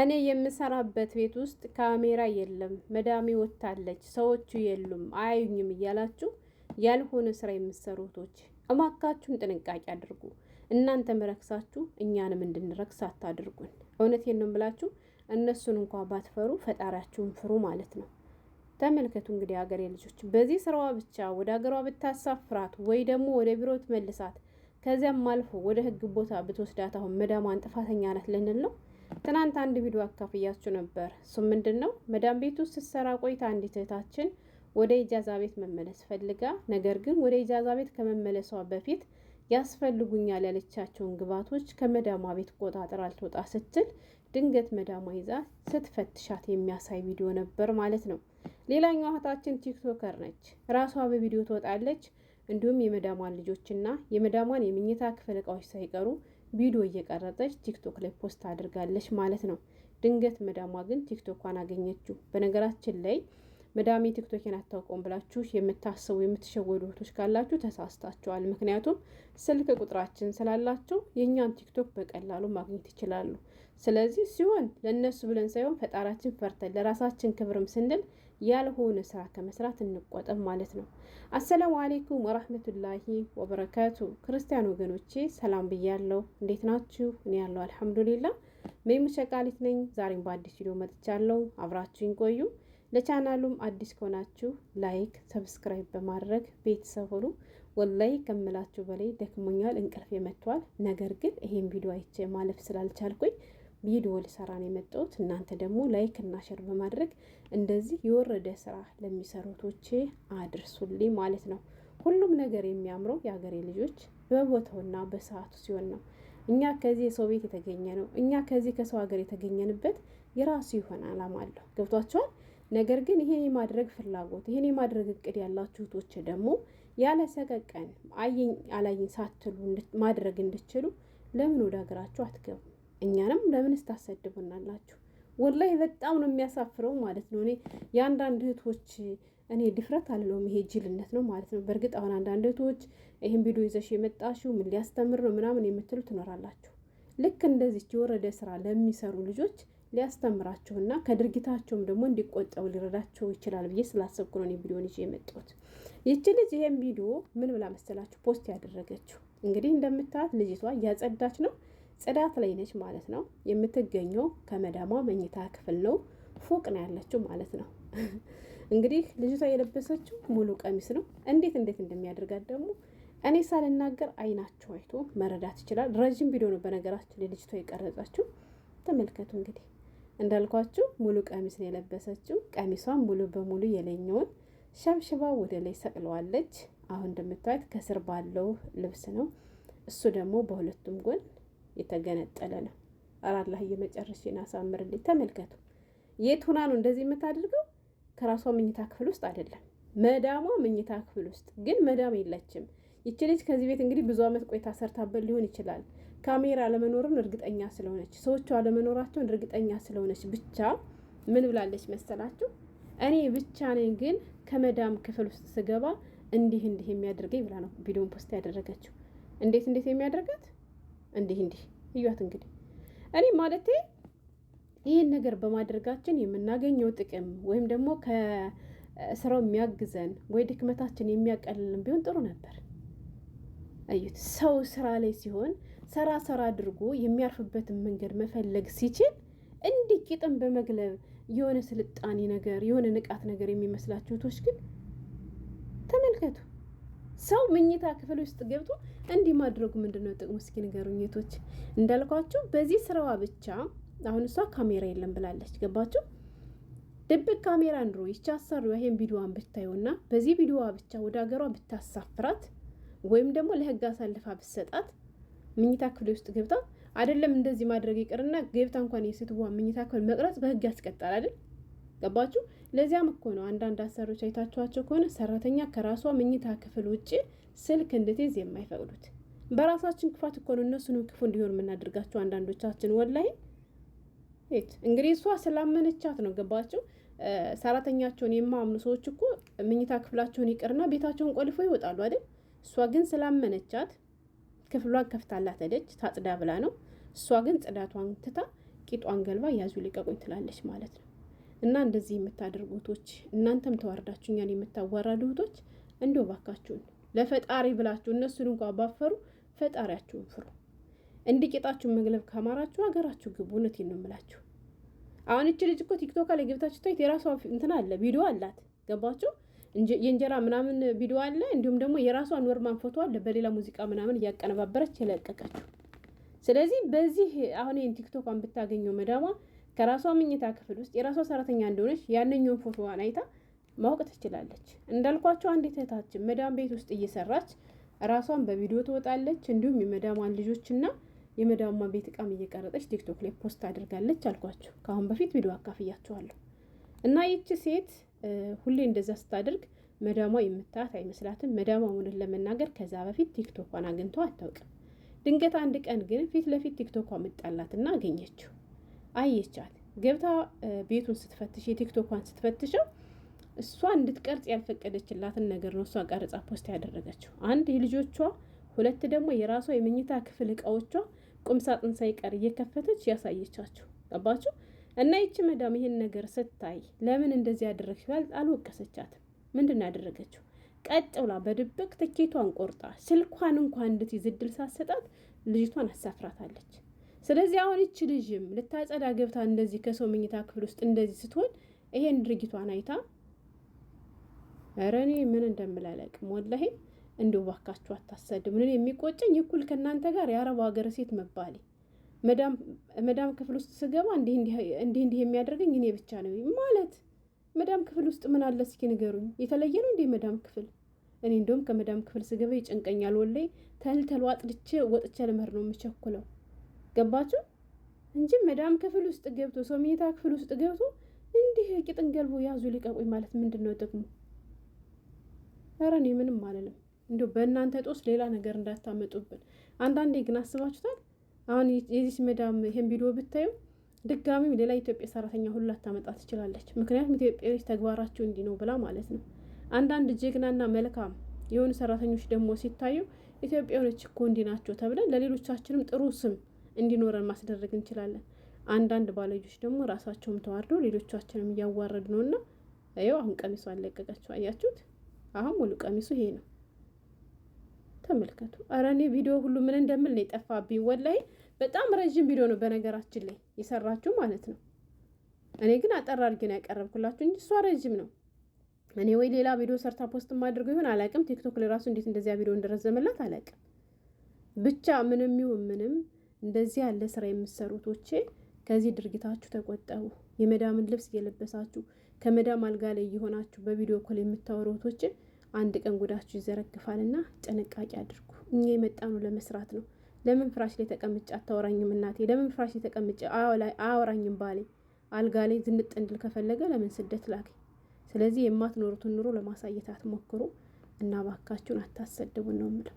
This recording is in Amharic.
እኔ የምሰራበት ቤት ውስጥ ካሜራ የለም፣ መዳሚ ወታለች፣ ሰዎቹ የሉም፣ አያዩኝም እያላችሁ ያልሆነ ስራ የምትሰሩ እማካችሁን ጥንቃቄ አድርጉ። እናንተም ረክሳችሁ እኛንም እንድንረክስ አታድርጉን። እውነቴን ነው ብላችሁ እነሱን እንኳ ባትፈሩ ፈጣሪያችሁን ፍሩ ማለት ነው። ተመልከቱ እንግዲህ ሀገሬ ልጆች፣ በዚህ ስራዋ ብቻ ወደ ሀገሯ ብታሳፍራት ወይ ደግሞ ወደ ቢሮ ትመልሳት፣ ከዚያም አልፎ ወደ ህግ ቦታ ብትወስዳት አሁን መዳሟን ጥፋተኛ ናት ልንል ነው? ትናንት አንድ ቪዲዮ አካፍያችሁ ነበር። እሱ ምንድን ነው መዳም ቤት ውስጥ ስትሰራ ቆይታ አንዲት እህታችን ወደ ኢጃዛ ቤት መመለስ ፈልጋ፣ ነገር ግን ወደ ኢጃዛ ቤት ከመመለሷ በፊት ያስፈልጉኛል ያለቻቸውን ግብዓቶች ከመዳሟ ቤት ቆጣጠር አልትወጣ ስትል ድንገት መዳሟ ይዛ ስትፈትሻት የሚያሳይ ቪዲዮ ነበር ማለት ነው። ሌላኛው እህታችን ቲክቶከር ነች። ራሷ በቪዲዮ ትወጣለች። እንዲሁም የመዳሟን ልጆችና የመዳሟን የምኝታ ክፍል እቃዎች ሳይቀሩ ቪዲዮ እየቀረጸች ቲክቶክ ላይ ፖስት አድርጋለች ማለት ነው። ድንገት መዳሟ ግን ቲክቶኳን አገኘችው። በነገራችን ላይ መዳሜ ቲክቶኬን አታውቀውም ብላችሁ የምታስቡ የምትሸወዱ እህቶች ካላችሁ ተሳስታችኋል። ምክንያቱም ስልክ ቁጥራችን ስላላቸው የእኛን ቲክቶክ በቀላሉ ማግኘት ይችላሉ። ስለዚህ ሲሆን ለእነሱ ብለን ሳይሆን ፈጣራችን ፈርተን ለራሳችን ክብርም ስንል ያልሆነ ስራ ከመስራት እንቆጠብ ማለት ነው። አሰላሙ አሌይኩም ወራህመቱላሂ ወበረካቱ። ክርስቲያን ወገኖቼ ሰላም ብያለሁ። እንዴት ናችሁ? እኔ ያለው አልሐምዱሊላ ሜሙ ሸቃሊት ነኝ። ዛሬም በአዲስ ቪዲዮ መጥቻለሁ። አብራችሁኝ ቆዩ። ለቻናሉም አዲስ ከሆናችሁ ላይክ፣ ሰብስክራይብ በማድረግ ቤተሰብ ሁኑ። ወላይ ከምላችሁ በላይ ደክሞኛል፣ እንቅልፍ የመጥቷል። ነገር ግን ይሄን ቪዲዮ አይቼ ማለፍ ስላልቻልኩኝ ቪዲዮ ልሰራ ነው የመጣሁት። እናንተ ደግሞ ላይክ እና ሸር በማድረግ እንደዚህ የወረደ ስራ ለሚሰሩቶቼ አድርሱልኝ ማለት ነው። ሁሉም ነገር የሚያምረው የሀገሬ ልጆች በቦታውና በሰዓቱ ሲሆን ነው። እኛ ከዚህ የሰው ቤት የተገኘ ነው። እኛ ከዚህ ከሰው ሀገር የተገኘንበት የራሱ የሆነ አላማ አለው። ገብቷችኋል? ነገር ግን ይሄን የማድረግ ፍላጎት ይሄን የማድረግ እቅድ ያላችሁ ደግሞ ያለ ሰቀቀን አየኝ አላየኝ ሳትሉ ማድረግ እንድችሉ ለምን ወደ ሀገራችሁ አትገቡ? እኛንም ለምን ታሰድቡናላችሁ ወላይ በጣም ነው የሚያሳፍረው ማለት ነው። እኔ የአንዳንድ እህቶች እኔ ድፍረት አልለውም፣ ይሄ ጅልነት ነው ማለት ነው። በእርግጥ አሁን አንዳንድ እህቶች ይህን ቪዲዮ ይዘሽ የመጣሽው ምን ሊያስተምር ነው ምናምን የምትሉ ትኖራላችሁ። ልክ እንደዚች የወረደ ስራ ለሚሰሩ ልጆች ሊያስተምራቸውና ከድርጊታቸውም ደግሞ እንዲቆጠቡ ሊረዳቸው ይችላል ብዬ ስላሰብኩ ነው ቪዲዮን ይዤ የመጣሁት። ይቺ ልጅ ይሄን ቪዲዮ ምን ብላ መሰላችሁ ፖስት ያደረገችው? እንግዲህ እንደምታያት ልጅቷ እያጸዳች ነው ጽዳት ላይ ነች ማለት ነው የምትገኘው። ከመዳሟ መኝታ ክፍል ነው ፎቅ ነው ያለችው ማለት ነው። እንግዲህ ልጅቷ የለበሰችው ሙሉ ቀሚስ ነው። እንዴት እንዴት እንደሚያደርጋት ደግሞ እኔ ሳልናገር አይናችሁ አይቶ መረዳት ይችላል። ረዥም ቪዲዮ ነው በነገራችን ለልጅቷ የቀረጻችሁ ተመልከቱ። እንግዲህ እንዳልኳችሁ ሙሉ ቀሚስ ነው የለበሰችው። ቀሚሷን ሙሉ በሙሉ የለኘውን ሸብሽባ ወደ ላይ ሰቅለዋለች። አሁን እንደምታዩት ከስር ባለው ልብስ ነው እሱ ደግሞ በሁለቱም ጎን የተገነጠለ ነው። ኧረ አላህ የመጨረሻን አሳምርልኝ። ተመልከቱ፣ የት ሆና ነው እንደዚህ የምታደርገው? ከራሷ መኝታ ክፍል ውስጥ አይደለም፣ መዳሟ መኝታ ክፍል ውስጥ ግን መዳም የለችም። ይች ልጅ ከዚህ ቤት እንግዲህ ብዙ አመት ቆይታ ሰርታበት ሊሆን ይችላል። ካሜራ ለመኖርን እርግጠኛ ስለሆነች፣ ሰዎቿ አለመኖራቸውን እርግጠኛ ስለሆነች ብቻ ምን ብላለች መሰላችሁ? እኔ ብቻ ነኝ ግን ከመዳም ክፍል ውስጥ ስገባ እንዲህ እንዲህ የሚያደርገኝ ብላ ነው ቪዲዮን ፖስት ያደረገችው። እንዴት እንዴት የሚያደርጋት እንዲህ እንዲህ እያት እንግዲህ እኔ ማለቴ ይህን ነገር በማድረጋችን የምናገኘው ጥቅም ወይም ደግሞ ከስራው የሚያግዘን ወይ ድክመታችን የሚያቀልልን ቢሆን ጥሩ ነበር። እዩት፣ ሰው ስራ ላይ ሲሆን ሰራ ሰራ አድርጎ የሚያርፍበትን መንገድ መፈለግ ሲችል እንዲህ ቂጥም በመግለብ የሆነ ስልጣኔ ነገር የሆነ ንቃት ነገር የሚመስላችሁቶች ግን ተመልከቱ። ሰው መኝታ ክፍል ውስጥ ገብቶ እንዲህ ማድረጉ ምንድን ነው ጥቅሙ? እስኪ ንገሩኝ እህቶች። እንዳልኳችሁ በዚህ ስራዋ ብቻ አሁን እሷ ካሜራ የለም ብላለች። ገባችሁ? ድብቅ ካሜራ እንድሮ ይቻ አሰሪዋ ይሄን ቪዲዮዋን ብታየውና በዚህ ቪዲዮዋ ብቻ ወደ ሀገሯ ብታሳፍራት ወይም ደግሞ ለህግ አሳልፋ ብሰጣት ምኝታ ክፍል ውስጥ ገብታ አይደለም እንደዚህ ማድረግ ይቅርና ገብታ እንኳን የሴትዋ ምኝታ ክፍል መቅረጽ በህግ ያስቀጣል አይደል? ገባችሁ? ለዚያም እኮ ነው አንዳንድ አሰሪዎች አይታችኋቸው ከሆነ ሰራተኛ ከራሷ መኝታ ክፍል ውጭ ስልክ እንድትይዝ የማይፈቅዱት። በራሳችን ክፋት እኮ ነው እነሱንም ክፉ እንዲሆን የምናደርጋቸው አንዳንዶቻችን። ት እንግዲህ እሷ ስላመነቻት ነው። ገባችሁ? ሰራተኛቸውን የማያምኑ ሰዎች እኮ መኝታ ክፍላቸውን ይቅርና ቤታቸውን ቆልፎ ይወጣሉ አይደል? እሷ ግን ስላመነቻት ክፍሏን ከፍታላት ሄደች። ታጽዳ ብላ ነው። እሷ ግን ጽዳቷን ትታ ቂጧን ገልባ ያዙ ሊቀቁኝ ትላለች ማለት ነው። እና እንደዚህ የምታደርጉቶች እናንተም ተዋርዳችሁ እኛን የምታዋራዱ እህቶች እንደው ባካችሁን ለፈጣሪ ብላችሁ እነሱን እንኳ ባፈሩ ፈጣሪያችሁን ፍሩ። እንዲቄጣችሁን መግለብ ካማራችሁ ሀገራችሁ ግቡ። እውነት ነው የምላችሁ። አሁን እች ልጅ እኮ ቲክቶክ ላይ ገብታችሁ ታይት የራሷ እንትን አለ ቪዲዮ አላት። ገባችሁ? የእንጀራ ምናምን ቪዲዮ አለ። እንዲሁም ደግሞ የራሷን ኖርማን ፎቶ አለ በሌላ ሙዚቃ ምናምን እያቀነባበረች የለቀቀችው። ስለዚህ በዚህ አሁን ይህን ቲክቶኳን ብታገኘው መዳማ ከራሷ መኝታ ክፍል ውስጥ የራሷ ሰራተኛ እንደሆነች ያንኛውን ፎቶዋን አይታ ማወቅ ትችላለች። እንዳልኳቸው አንድ እህታችን መዳም ቤት ውስጥ እየሰራች ራሷን በቪዲዮ ትወጣለች። እንዲሁም የመዳሟን ልጆችና የመዳሟን ቤት እቃም እየቀረጠች ቲክቶክ ላይ ፖስት አድርጋለች አልኳቸው። ከአሁን በፊት ቪዲዮ አካፍያቸዋለሁ። እና ይቺ ሴት ሁሌ እንደዛ ስታደርግ መዳሟ የምታያት አይመስላትም። መዳሟ እውነት ለመናገር ከዛ በፊት ቲክቶኳን አግኝተው አታውቅም። ድንገት አንድ ቀን ግን ፊት ለፊት ቲክቶኳ ምጣላትና አገኘችው። አየቻት። ገብታ ቤቱን ስትፈትሽ የቲክቶኳን ስትፈትሸው እሷ እንድትቀርጽ ያልፈቀደችላትን ነገር ነው እሷ ቀርጻ ፖስት ያደረገችው። አንድ የልጆቿ፣ ሁለት ደግሞ የራሷ የመኝታ ክፍል እቃዎቿ ቁምሳጥን ሳይቀር እየከፈተች ያሳየቻቸው። ገባችሁ? እና ይቺ መዳም ይህን ነገር ስታይ ለምን እንደዚህ ያደረግሽ ይላል አልወቀሰቻትም። ምንድን ያደረገችው ቀጥ ብላ በድብቅ ትኬቷን ቆርጣ ስልኳን እንኳን እንድትይዝ እድል ሳትሰጣት ልጅቷን አሳፍራታለች። ስለዚህ አሁን ይች ልጅም ልታጸዳ ገብታ እንደዚህ ከሰው መኝታ ክፍል ውስጥ እንደዚህ ስትሆን ይሄን ድርጊቷን አይታ ኧረ እኔ ምን እንደምላለቅም ወላሂ እንዲሁ ባካችሁ አታሰድም። እኔ የሚቆጨኝ እኩል ከእናንተ ጋር የአረቡ ሀገር ሴት መባሌ መዳም ክፍል ውስጥ ስገባ እንዲህ እንዲህ የሚያደርገኝ እኔ ብቻ ነው ማለት። መዳም ክፍል ውስጥ ምን አለ እስኪ ንገሩኝ። የተለየ ነው እንዴ መዳም ክፍል? እኔ እንደውም ከመዳም ክፍል ስገባ ይጨንቀኛል ወላሂ። ተልተል አጽድቼ ወጥቼ ልመር ነው የምቸኩለው። ገባችሁ እንጂ መዳም ክፍል ውስጥ ገብቶ ሰው ሜታ ክፍል ውስጥ ገብቶ እንዲህ ቂጥን ገልቦ ያዙ ሊቀቁኝ ማለት ምንድን ነው ጥቅሙ? ኧረ እኔ ምንም አልልም። እንዲ በእናንተ ጦስ ሌላ ነገር እንዳታመጡብን። አንዳንዴ ግን አስባችሁታል? አሁን የዚህ መዳም ይህን ቪዲዮ ብታዩ ድጋሚም ሌላ ኢትዮጵያ ሰራተኛ ሁሉ ላታመጣ ትችላለች። ምክንያቱም ኢትዮጵያዎች ተግባራቸው እንዲህ ነው ብላ ማለት ነው። አንዳንድ ጀግናና መልካም የሆኑ ሰራተኞች ደግሞ ሲታዩ ኢትዮጵያኖች እኮ እንዲህ ናቸው ተብለን ለሌሎቻችንም ጥሩ ስም እንዲኖረን ማስደረግ እንችላለን። አንዳንድ ባለጆች ደግሞ ራሳቸውም ተዋርደው ሌሎቻችንም እያዋረድ ነው እና ይኸው አሁን ቀሚሱ አለቀቀችው። አያችሁት? አሁን ሙሉ ቀሚሱ ይሄ ነው። ተመልከቱ። ኧረ እኔ ቪዲዮ ሁሉ ምን እንደምል ነው የጠፋብኝ። ወላይ በጣም ረዥም ቪዲዮ ነው በነገራችን ላይ የሰራችሁ ማለት ነው። እኔ ግን አጠር አድርጌ ነው ያቀረብኩላችሁ እንጂ እሷ ረዥም ነው። እኔ ወይ ሌላ ቪዲዮ ሰርታ ፖስት ማድርገው ይሆን አላውቅም። ቲክቶክ ለራሱ እንዴት እንደዚያ ቪዲዮ እንደረዘመላት አላውቅም። ብቻ ምንም ይሁን ምንም እንደዚህ ያለ ስራ የምትሰሩቶቼ ከዚህ ድርጊታችሁ ተቆጠቡ። የመዳምን ልብስ እየለበሳችሁ ከመዳም አልጋ ላይ እየሆናችሁ በቪዲዮ ኮል የምታወሩቶቼ አንድ ቀን ጉዳችሁ ይዘረግፋልና ጥንቃቄ አድርጉ። እኛ የመጣኑ ለመስራት ነው። ለምን ፍራሽ ላይ ተቀምጭ አታወራኝም እናቴ? ለምን ፍራሽ ላይ ተቀምጭ አያወራኝም ባሌ? አልጋ ላይ ዝንጥ እንድል ከፈለገ ለምን ስደት ላክ? ስለዚህ የማትኖሩትን ኑሮ ለማሳየት አትሞክሩ እና ባካችሁን አታሰድቡን ነው የምለው።